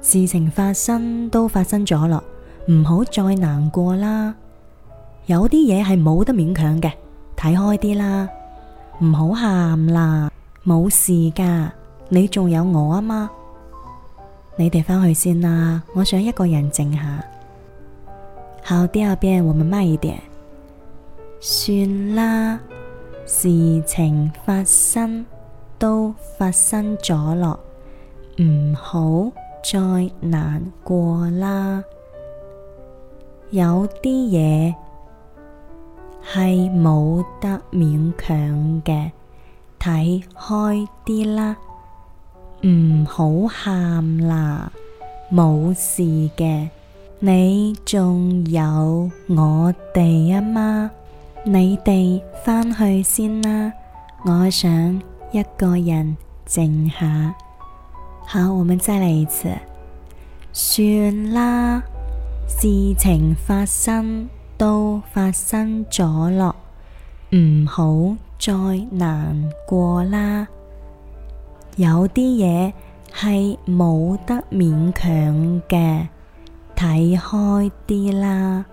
事情發生都發生咗咯，唔好再難過啦。有啲嘢係冇得勉強嘅，睇開啲啦，唔好喊啦，冇事㗎，你仲有我啊嘛。你哋返去先啦，我想一個人靜下。後啲阿邊會唔會咩啲？算啦，事情發生都發生咗咯，唔好。再難過啦，有啲嘢係冇得勉強嘅，睇開啲啦，唔好喊啦，冇事嘅，你仲有我哋啊嘛。你哋返去先啦，我想一個人靜下。好、啊，我們再嚟一次。算啦，事情發生都發生咗咯，唔好再難過啦。有啲嘢係冇得勉強嘅，睇開啲啦，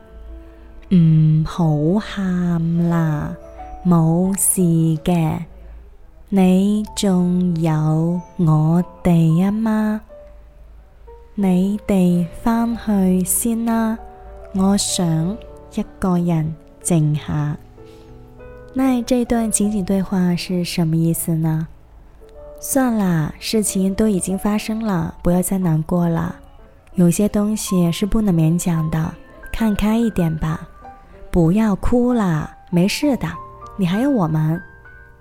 唔好喊啦，冇事嘅。你仲有我哋啊嘛？你哋返去先啦、啊，我想一個人靜下。那這段情景對話是什麼意思呢？算啦，事情都已經發生了，不要再難過了。有些東西是不能勉強的，看開一點吧。不要哭啦，沒事的，你還有我們。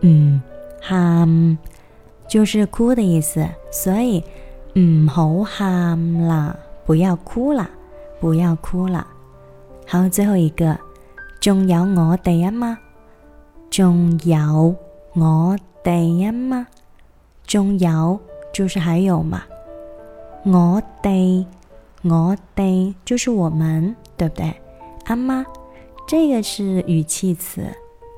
嗯，喊就是哭的意思，所以嗯，唔好喊啦，不要哭啦，不要哭啦。好，最後一個，仲有我哋啊嘛，仲有我哋啊嘛。仲有就是還有嘛。我哋，我哋就是我們，對不對？啊嘛，這個是語氣詞。